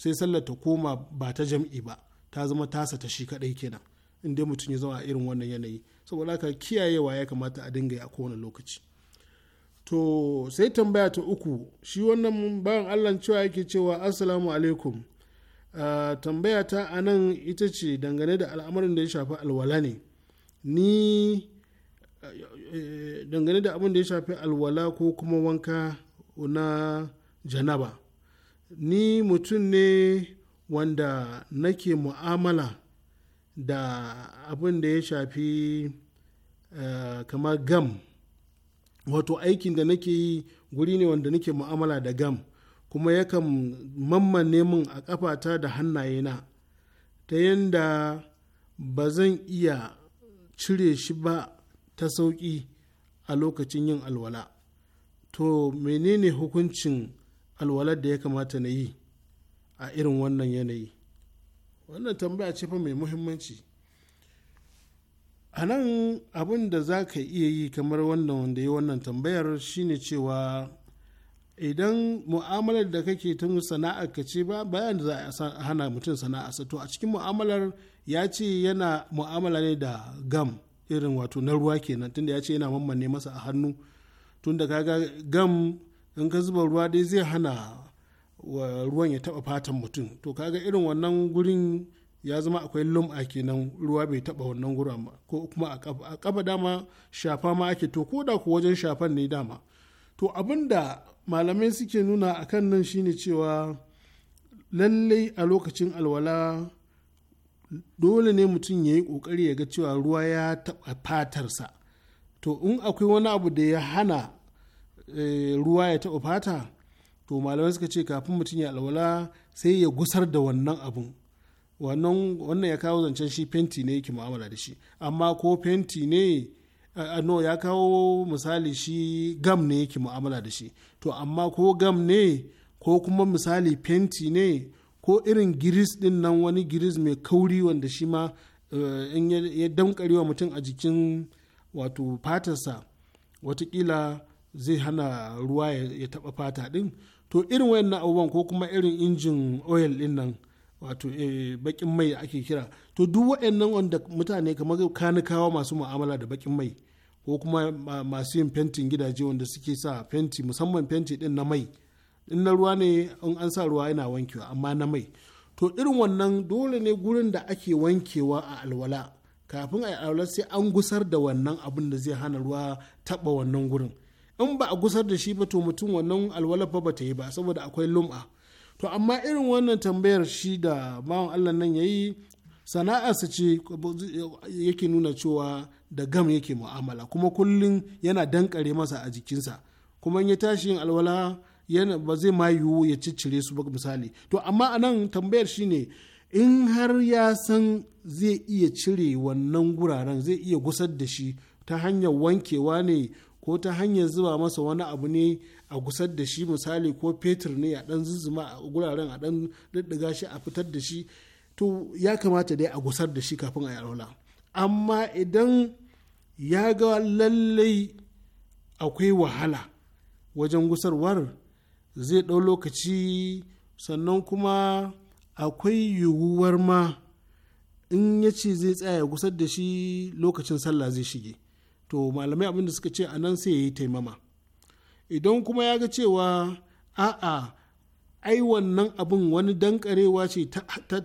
sai sallar ta koma ba ta jam'i ba ta zama tasa ta shi kadai kenan in dai mutum ya zama a irin wannan yanayi saboda haka kiyayewa ya kamata a dinga a kowane lokaci to sai tambaya ta uku shi wannan bayan allah cewa yake cewa assalamu alaikum Uh, tambaya ta a nan ita ce dangane da al'amarin da ya shafi alwala ne ni eh, eh, dangane da abin da ya shafi alwala ko kuma wanka na janaba ni mutum ne wanda nake mu'amala da abin da ya shafi uh, kamar gam wato aikin da nake yi guri ne wanda nake mu'amala da gam kuma yakan mammane min a kafata da hannayena ta yadda ba zan iya cire shi ba ta sauƙi a lokacin yin alwala to menene hukuncin alwalar da ya kamata na yi a irin wannan yanayi wannan tambaya ce fa mai muhimmanci a nan abin da za ka iya yi kamar wannan wanda ya wannan tambayar shine cewa idan mu'amalar da kake tun sana'ar ka ce ba bayan da za a hana mutum sana'a to a cikin mu'amalar ya ce yana mu'amala ne da gam irin wato na ruwa kenan tunda ya ce yana mamman masa a hannu tunda ka ga gam in ka zuba ruwa dai zai hana wa ruwan ya taba fatan mutum to kaga irin wannan gurin ya zama akwai lum'a kenan ruwa bai taba wannan gurin ba ko kuma a kafa dama shafa ma ake to ko da ku wajen shafan ne dama to abin da malamai suke nuna a kan nan shine cewa lallai a lokacin alwala dole ne mutum ya yi kokari ya ga cewa ruwa ya taba fatarsa to in akwai wani abu da ya hana Eh, ruwa ya taɓa fata to malamai suka ce kafin mutum ya alwala sai ya gusar da wannan abun wannan ya kawo zancen shi fenti ne yake mu'amala da shi amma ko fenti ne eh, no ya kawo misali shi gam ne yake mu'amala da shi to amma ko gam ne ko kuma misali fenti ne ko irin giris din nan wani giris mai kauri wanda shi ma eh, ya damkarewa mutum a jikin wato fatarsa watakila zai hana ruwa ya taba fata din to irin wayannan abubuwan ko kuma irin injin oil din nan wato eh, bakin mai ake kira to duk wayannan wanda mutane kamar kanikawa masu mu'amala da bakin mai ko kuma masu yin fentin gidaje wanda suke sa fenti musamman fenti din na mai in na ruwa ne in an sa ruwa yana wankewa amma na mai to irin wannan dole ne gurin da ake wankewa a alwala kafin a yi alwala sai an gusar da wannan abin da zai hana ruwa taba wannan gurin in ba a gusar da shi ba to mutum wannan alwala fa ba ta yi ba saboda akwai lum'a to amma irin wannan tambayar shi da bawan Allah nan yayi su ce yake nuna cewa da gam yake mu'amala kuma kullum yana dankare masa a jikinsa kuma in ya tashi yin alwala yana ba zai ma yiwu ya ciccire su ba misali to amma anan tambayar shi ne in har ya san zai iya cire wannan guraren zai iya gusar da shi ta hanyar wankewa ne ko ta hanyar zuba masa wani abu ne a gusar da shi misali ko fetur ne a dan zuzuma a guraren a dan diddiga shi a fitar da shi to ya kamata dai a gusar da shi kafin a yi aula amma idan ya ga lallai akwai wahala wajen gusarwar zai ɗau lokaci sannan kuma akwai yiwuwar ma in ya ce zai tsaya gusar da shi lokacin sallah zai shige to malamai abinda suka ce a nan sai ya yi taimama idan kuma ya ga cewa a'a ai wannan abin wani dankarewa ce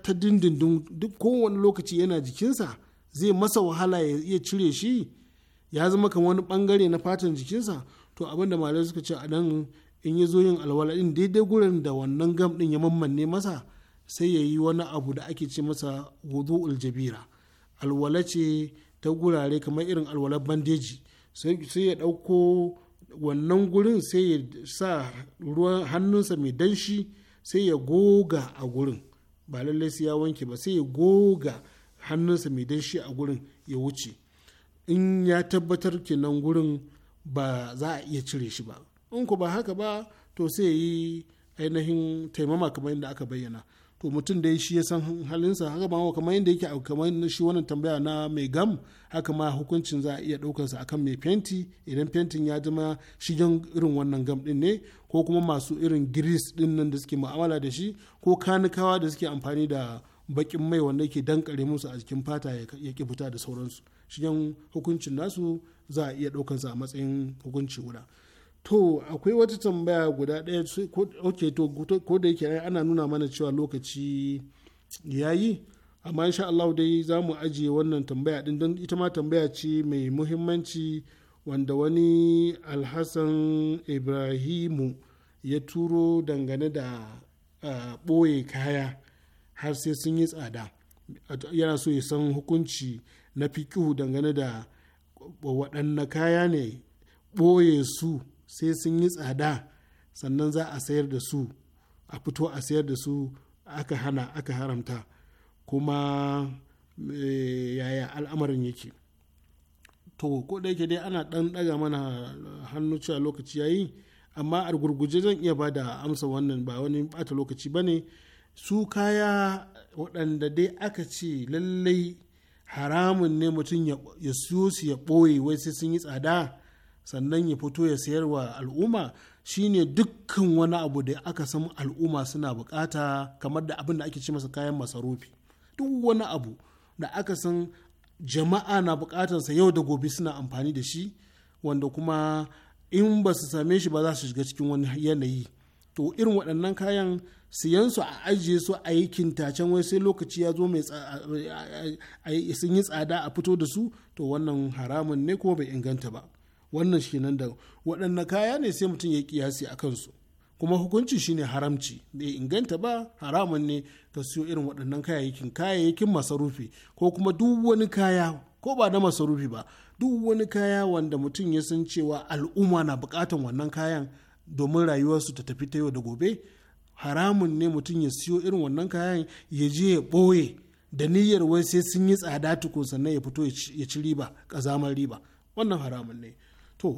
ta dindindin duk kowane lokaci yana jikinsa zai masa wahala ya iya cire shi ya zama kan wani bangare na fatan jikinsa to abinda malamai suka ce a nan in ya zo yin alwala din daidai gurin da wannan gam din ya mammanne masa sai ya yi wani abu da ake ce masa wudu'ul jabira alwala ce ta gurare kamar irin alwalar bandeji sai ya ɗauko wannan gurin sai ya sa ruwan hannunsa mai danshi sai ya goga a gurin ba lallai sai ya wanke ba sai ya goga hannunsa mai danshi a gurin ya wuce in ya tabbatar kenan gurin ba za a iya cire shi ba in ku ba haka ba to sai ya yi ainihin taimama kamar yadda aka bayyana to mutum dai shi ya san halinsa haka ba kamar yadda yake kamar shi wannan tambaya na mai gam haka ma hukuncin za a iya ɗaukarsa kan mai fenti idan fentin ya zama shigen irin wannan gam din ne ko kuma masu irin giris din nan da suke ma'amala da shi ko kanikawa da suke amfani da bakin mai wanda yake dankare musu a jikin fata ya ki fita da sauransu shigen hukuncin nasu za a iya ɗaukarsa a matsayin hukunci guda to akwai wata tambaya guda ɗaya ok to ko da yake ana nuna mana cewa lokaci ya yi amma insha Allah dai za mu ajiye wannan tambaya ɗin don ita ma tambaya ce mai muhimmanci wanda wani alhassan ibrahimu ya turo dangane da ɓoye kaya har sai sun yi tsada yana so ya san hukunci na fikihu dangane da waɗanne kaya ne ɓoye su sai sun yi tsada sannan za a sayar da su a fito a sayar da su aka hana aka haramta kuma eh, yaya al'amarin yake to ko da yake dai ana dan daga mana hannu cewa lokaci ya yi amma a gurguje zan iya ba da amsa wannan ba wani bata lokaci ba ne su kaya waɗanda dai aka ce lallai haramun ne mutum ya siyo su ya ɓoye wai sai sun yi tsada sannan ya fito ya sayar wa al'umma shine dukkan wani abu da aka san al'umma suna bukata kamar da abin da ake ce masa kayan masarufi duk wani abu da aka san jama'a na bukatarsa yau da gobe suna amfani da shi wanda kuma in ba su same shi ba za su shiga cikin wani yanayi to irin waɗannan kayan siyansu a ajiye su a yi kintacen wai sai lokaci ya zo mai sun yi tsada a fito da su to wannan haramun ne kuma bai inganta ba wannan shi nan da waɗanne kaya ne sai mutum ya kiyasi a kansu kuma hukunci shine haramci ya inganta ba haramun ne ka siyo irin waɗannan kayayyakin kayayyakin masarufi ko kuma duk wani kaya ko ba na masarufi ba duk wani kaya wanda mutum ya san cewa al'umma na buƙatan wannan kayan domin rayuwarsu ta tafi ta yau da gobe haramun ne mutum ya siyo irin wannan kayan ya je ya ɓoye da niyyar wai sai sun yi tsada tukun sannan ya fito ya ci riba ƙazamar riba wannan haramun ne to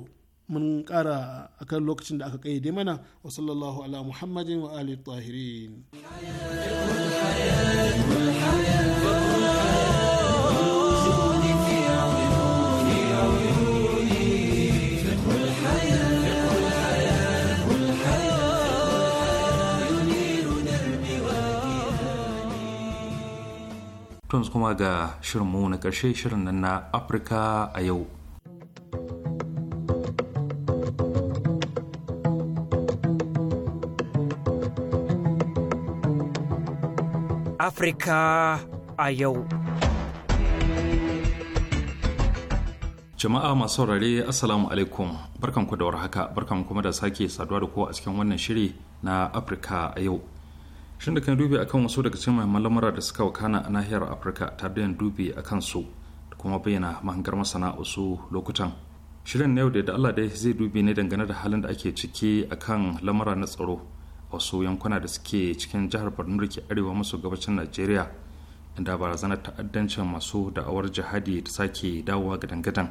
mun kara akan lokacin da aka kayyade mana wa sallallahu ala muhammadin wa ali tahirin kuma ga shirinmu na ƙarshe shirin na Afirka a yau. Afrika a yau. Jama'a masu saurare Assalamu alaikum barkanku da haka barkan kuma da sake saduwa da kowa a cikin wannan shiri na Afirka a yau. Shin da kan dubi akan wasu daga cikin mahimman lamura da suka wakana a nahiyar Afirka tare da dubi a kansu da kuma bayyana mahangar masana wasu lokutan. Shirin na yau da Allah dai zai dubi ne dangane da halin da ake ciki akan lamura na tsaro wasu yankuna da suke cikin jihar borno da ke arewa maso gabacin najeriya inda barazanar ta'addancin masu da'awar jihadi ta sake dawowa ga dangadan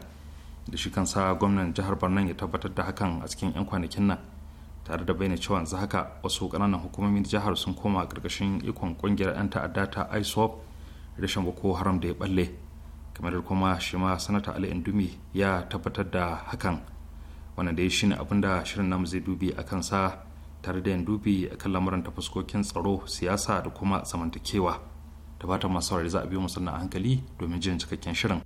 da shi kan sa gwamnan jihar borno ya tabbatar da hakan a cikin 'yan kwanakin nan tare da bayyana cewa yanzu haka wasu kananan hukumomin jihar sun koma ƙarƙashin ikon ƙungiyar 'yan ta'adda ta isop rashin boko haram da ya balle kamar kuma shi ma sanata ali indumi ya tabbatar da hakan wannan dai shine abin da shirin namu zai dubi a sa. tare da yin dubi a kan lamuran ta fuskokin tsaro siyasa da kuma zamantakewa da ba ta masu saurari za a biyu musamman a hankali domin jin cikakken shirin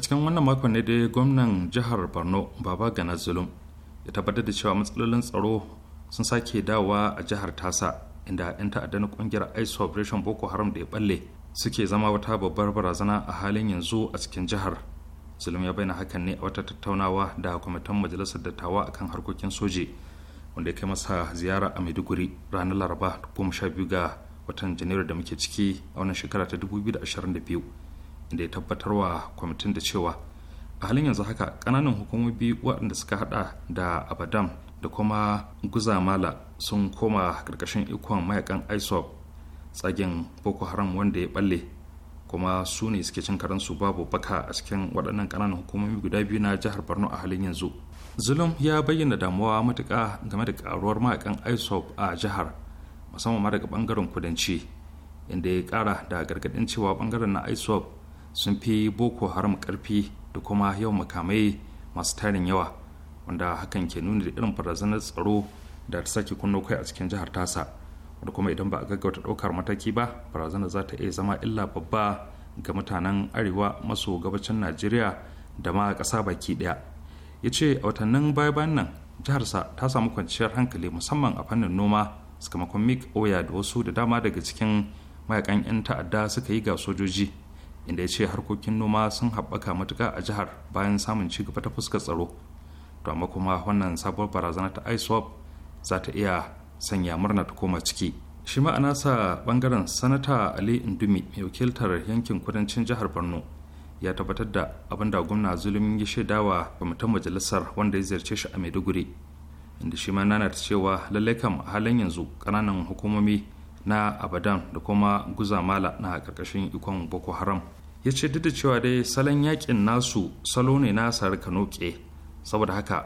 cikin wannan makon ne da gwamnan jihar borno baba gana zulum ya tabbatar da cewa matsalolin tsaro sun sake dawowa a jihar tasa inda 'yan ta'adda na kungiyar ice operation boko haram da ya balle suke zama wata babbar barazana a halin yanzu a cikin jihar zulum ya bayyana hakan ne a wata tattaunawa da kwamitin majalisar dattawa kan harkokin soji wanda ya kai masa ziyara a maiduguri ranar laraba 12 ga watan janairu da muke ciki a wannan shekara ta 2022 inda ya tabbatar wa kwamitin da cewa a halin yanzu haka kananan hukumomi waɗanda suka haɗa da abadam da kuma guzamala sun koma karkashin ikon mayakan isop tsagen boko haram wanda ya balle kuma su ne suke cin karansu babu baka a cikin waɗannan ƙananan hukumomi guda biyu na jihar borno a halin yanzu zulum ya bayyana damuwa matuƙa game da ƙaruwar mayakan isop a jihar musamman ma daga ɓangaren kudanci inda ya ƙara da gargaɗin cewa ɓangaren na isop sun fi boko haram ƙarfi da kuma yawan makamai masu tarin yawa wanda hakan ke nuni da irin barazanar tsaro da ta sake kunno kai a cikin jihar tasa wanda kuma idan ba a gaggauta ɗaukar mataki ba barazanar za ta iya zama illa babba ga mutanen arewa maso gabacin najeriya da ma ƙasa baki ɗaya ya ce a watannin baya-bayan nan jiharsa ta samu kwanciyar hankali musamman a fannin noma sakamakon mik oya da wasu da dama daga cikin mayakan 'yan ta'adda suka yi ga sojoji inda ya ce harkokin noma sun haɓaka matuka a jihar bayan samun ci gaba ta fuskar tsaro to amma kuma wannan sabuwar barazana ta iswap za ta iya sanya murna ta koma ciki shi ma'ana sa bangaren sanata ali indumi mai wakiltar yankin kudancin jihar borno ya tabbatar da abin da gwamna zulumin ya shaidawa kwamitin majalisar wanda ya ziyarce shi a maiduguri inda shi ma nana cewa lallai kam a halin yanzu kananan hukumomi na abadan da kuma guzamala na karkashin ikon boko haram ya ce duk da cewa dai salon yakin nasu salo ne na kanoke saboda haka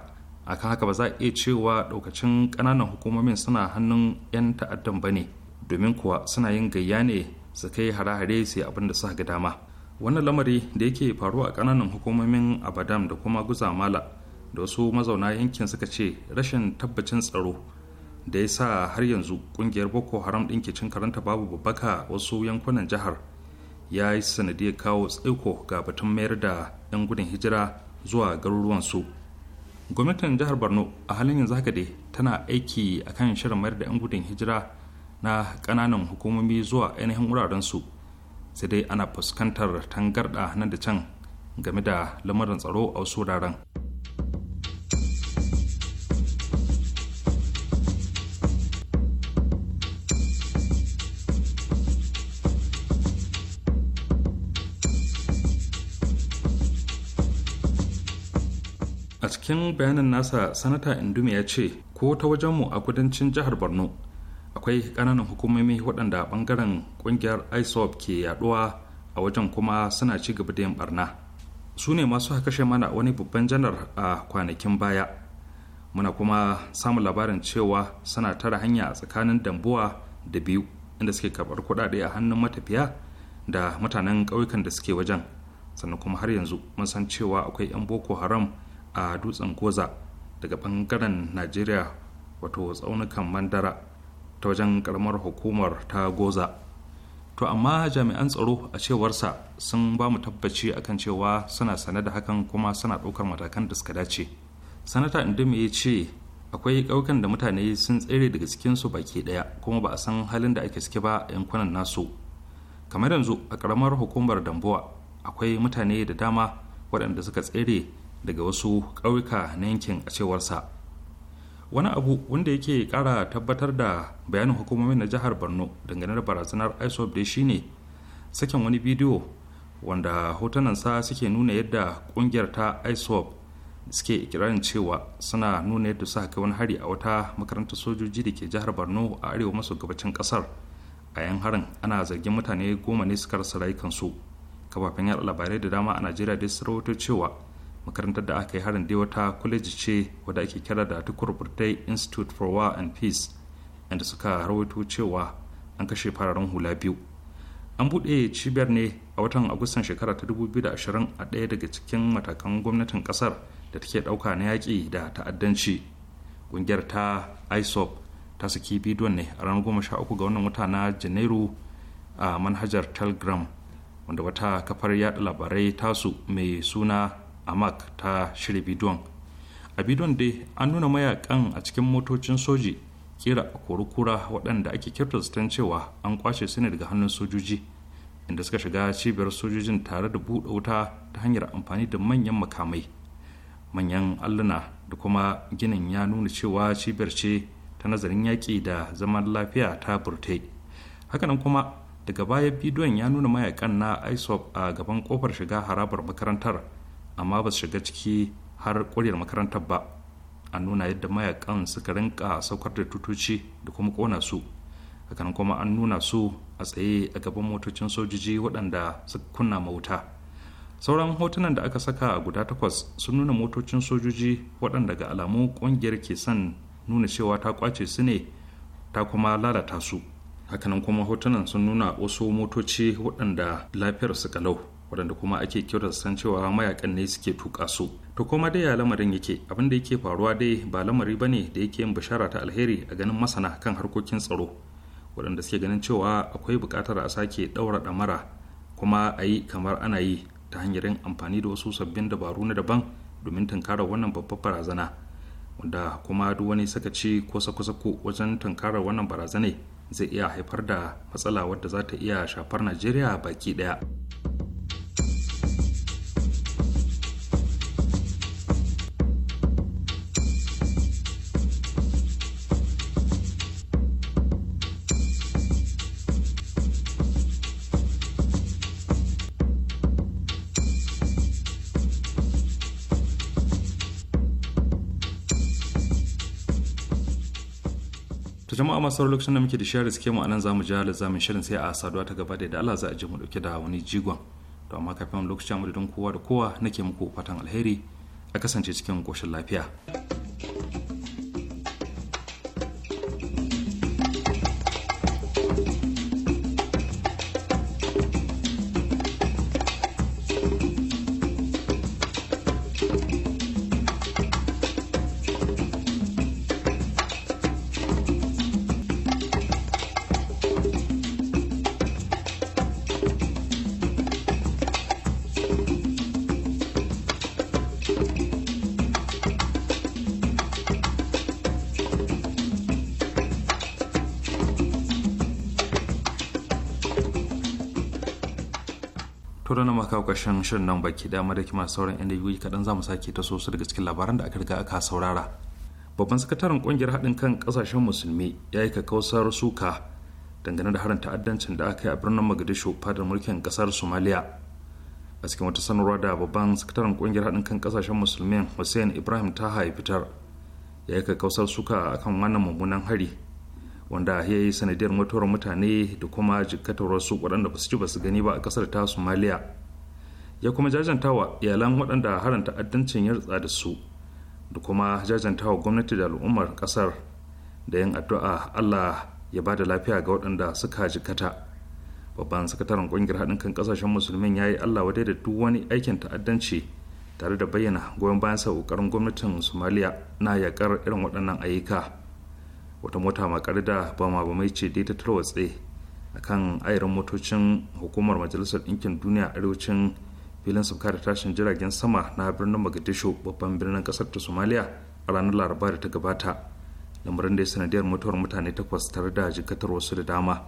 a kan haka ba za a iya cewa ɗaukacin ƙananan hukumomin suna hannun 'yan ta'addan ba ne domin kuwa suna yin gayya ne su kai hare-hare su yi abin da suka ga dama wannan lamari da yake faruwa a ƙananan hukumomin abadam da kuma guzamala da wasu mazauna yankin suka ce rashin tabbacin tsaro da ya sa har yanzu ƙungiyar boko haram ɗin ke cin karanta babu babbaka wasu yankunan jihar ya yi sanadiyar kawo tsaiko ga batun mayar da 'yan gudun hijira zuwa garuruwansu gwamnatin jihar borno a halin yanzu haka dai tana aiki akan shirin mayar da 'yan gudun hijira na kananan hukumomi zuwa ainihin wurarensu sai dai ana fuskantar tangarɗa nan da can game da lamarin tsaro a wasu wuraren. cikin bayanan nasa sanata indumi ya ce ko ta wajenmu a kudancin jihar borno akwai ƙananan hukumomi waɗanda ɓangaren ƙungiyar isop ke yaɗuwa a wajen kuma suna ci gaba da yin barna su ne masu kashe mana wani babban janar a kwanakin baya muna kuma samun labarin cewa suna tara hanya a tsakanin dambuwa da biyu inda suke karɓar kuɗaɗe a hannun matafiya da mutanen ƙauyukan da suke wajen sannan kuma har yanzu mun san cewa akwai 'yan boko haram a dutsen goza daga bangaren najeriya wato tsaunukan mandara ta wajen karamar hukumar ta goza to amma jami'an tsaro a cewarsa sun ba mu tabbaci akan cewa suna sane da hakan kuma suna ɗaukar matakan da suka dace sanata indima ya ce akwai ƙaukan da mutane sun tsere daga cikinsu baki ɗaya kuma ba a san halin da ake ciki ba a yankunan nasu kamar yanzu a ƙaramar hukumar dambuwa akwai mutane da dama waɗanda suka tsere daga wasu ƙauyuka na yankin a cewarsa wani abu wanda yake ƙara tabbatar da bayanin hukumomin na jihar borno dangane da barazanar isop dai shine sakin wani bidiyo wanda sa suke nuna yadda ƙungiyar ta isop suke ikirarin cewa suna nuna yadda suka kai wani hari a wata makarantar sojoji da ke jihar borno a arewa maso gabacin ƙasar a yan harin ana zargin mutane goma ne suka rasa rayukansu kafafen yaɗa labarai da dama a najeriya dai su rawaito cewa makarantar da aka yi harin dai wata kwaleji ce wadda ake kira da tukur burtai institute for war and peace inda suka rawaito cewa an kashe fararen hula biyu an buɗe cibiyar ne a watan agustan shekara ta 2020 a ɗaya daga cikin matakan gwamnatin ƙasar da take ɗauka na yaƙi da ta'addanci ƙungiyar ta isop ta saki bidiyon ne a ranar uku ga wannan wata na janairu a manhajar telegram wanda wata kafar yaɗa labarai tasu mai suna amak ta shirya bidiyon a bidiyon dai an nuna mayakan a cikin motocin soji kera kura waɗanda ake kirtastan cewa an kwashe su ne daga hannun sojoji inda suka shiga cibiyar sojojin tare da buɗe wuta ta hanyar amfani da manyan makamai manyan alluna da kuma ginin ya nuna cewa cibiyar ce ta nazarin yaƙi da zaman lafiya ta burte hakanan kuma daga baya bidiyon ya nuna mayakan na isop a gaban kofar shiga harabar makarantar amma ba su shiga ciki har ƙuryar makarantar ba a nuna yadda mayakan suka rinka saukar da tutoci da kuma ƙona su hakan kuma an nuna su a tsaye a gaban motocin sojoji waɗanda suka kunna mawuta sauran hotunan da aka saka a guda takwas sun nuna motocin sojoji waɗanda ga alamu ƙungiyar ke son nuna cewa ta kwace su ne ta kuma lalata su hakanan kuma hotunan sun nuna wasu motoci waɗanda lafiyar su kalau wadanda kuma ake san cewa mayakan ne suke tuƙa su to kuma dai ya lamarin yake abin da yake faruwa dai ba lamari ba ne da yake yin bishara ta alheri a ganin masana kan harkokin tsaro waɗanda suke ganin cewa akwai buƙatar a sake ɗaura ɗamara kuma a yi kamar ana yi ta hanyar amfani da wasu sabbin dabaru na daban domin tunkarar wannan babbar barazana wanda kuma duk wani sakaci ko sako-sako wajen tunkarar wannan barazana zai iya haifar da matsala wadda za ta iya shafar najeriya baki ɗaya. masu lokacin da muke da shirin suke mu anan zamu ji zamin shirin sai a saduwa ta gaba da da Allah za a ji mu dauke da wani jigon to amma kafin lokacin mu da kowa da kowa nake muku fatan alheri a kasance cikin koshin lafiya. tura na maka kwashin shirin nan baki dama da kima sauran yan dajiyoyi kaɗan za mu sake ta su daga cikin labaran da aka riga aka saurara babban sakataren kungiyar haɗin kan kasashen musulmi ya yi kakausar suka dangane da harin ta'addancin da aka yi a birnin mogadishu fadar mulkin kasar somaliya a cikin wata sanarwa da babban sakataren kungiyar haɗin kan kasashen musulmi hussein ibrahim taha ya fitar ya yi kakausar suka akan wannan mummunan hari wanda ya yi sanadiyar mutuwar mutane da kuma jikatar wasu waɗanda ba su ci ba su gani ba a ƙasar ta somaliya ya kuma jajantawa iyalan waɗanda harin ta'addancin ya da su da kuma jajantawa gwamnati da al'ummar ƙasar da yin addu'a allah ya ba da lafiya ga waɗanda suka jikata babban sakataren ƙungiyar haɗin kan ƙasashen musulmin ya yi allah wadai da duk wani aikin ta'addanci tare da bayyana goyon bayan sa ƙoƙarin gwamnatin somaliya na yaƙar irin waɗannan ayyuka wata mota makar da bama ba mai ce dai ta tarwatse a kan ayarin motocin hukumar majalisar ɗinkin duniya arewacin filin sauka da tashin jiragen sama na birnin magadishu babban birnin ƙasar ta somaliya a ranar laraba da ta gabata lamarin da ya sanadiyar mutuwar mutane takwas tare da jikatar wasu da dama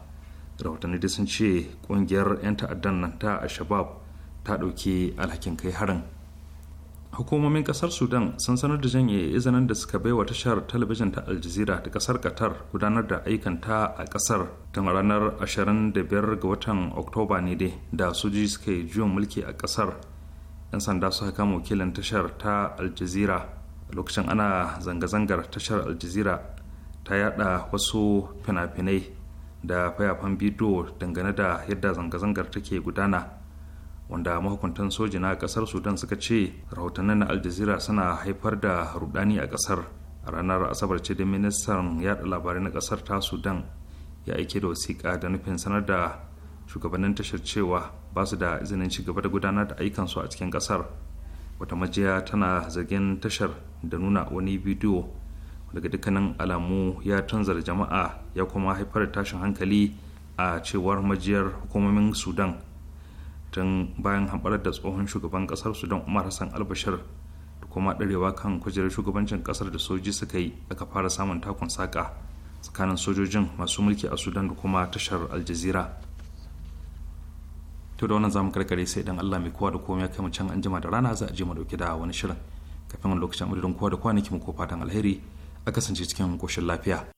rahotanni da sun ce ƙungiyar 'yan ta'addan nan ta shabab ta ɗauki alhakin kai harin hukumomin kasar sudan sun sanar da janye izinin da suka baiwa tashar talabijin ta aljazira ta kasar qatar gudanar da aikanta a kasar tun ranar 25 ga watan oktoba ne dai da suji suka yi juyin mulki a kasar 'yan sanda suka kama wakilin tashar ta aljazira lokacin ana zanga-zangar tashar aljazira ta yada wasu fina-finai da fayafan bidiyo dangane da yadda zanga-zangar take gudana wanda mahukuntan soji na kasar sudan suka ce rahotannin na aljazira suna haifar da rudani a kasar a ranar asabar ce da ministan yada labarai na kasar ta sudan ya aike da wasiƙa da nufin sanar da shugabannin tashar cewa ba su da izinin ci gaba da gudanar da ayyukansu a cikin kasar wata majiya tana zargin tashar da nuna wani bidiyo daga dukkanin alamu ya canza jama'a ya kuma haifar da tashin hankali a cewar majiyar hukumomin sudan tun bayan hamɓarar da tsohon shugaban ƙasar sudan umar hassan albashir da kuma ɗarewa kan kujerar shugabancin ƙasar da soji suka yi aka fara samun takun saƙa tsakanin sojojin masu mulki a sudan da kuma tashar aljazira to da wannan zamu karkare sai idan allah mai kowa da komai kai mu can an jima da rana za a je mu dauke da wani shirin kafin lokacin madadin kowa da kwanaki mu ko fatan alheri a kasance cikin koshin lafiya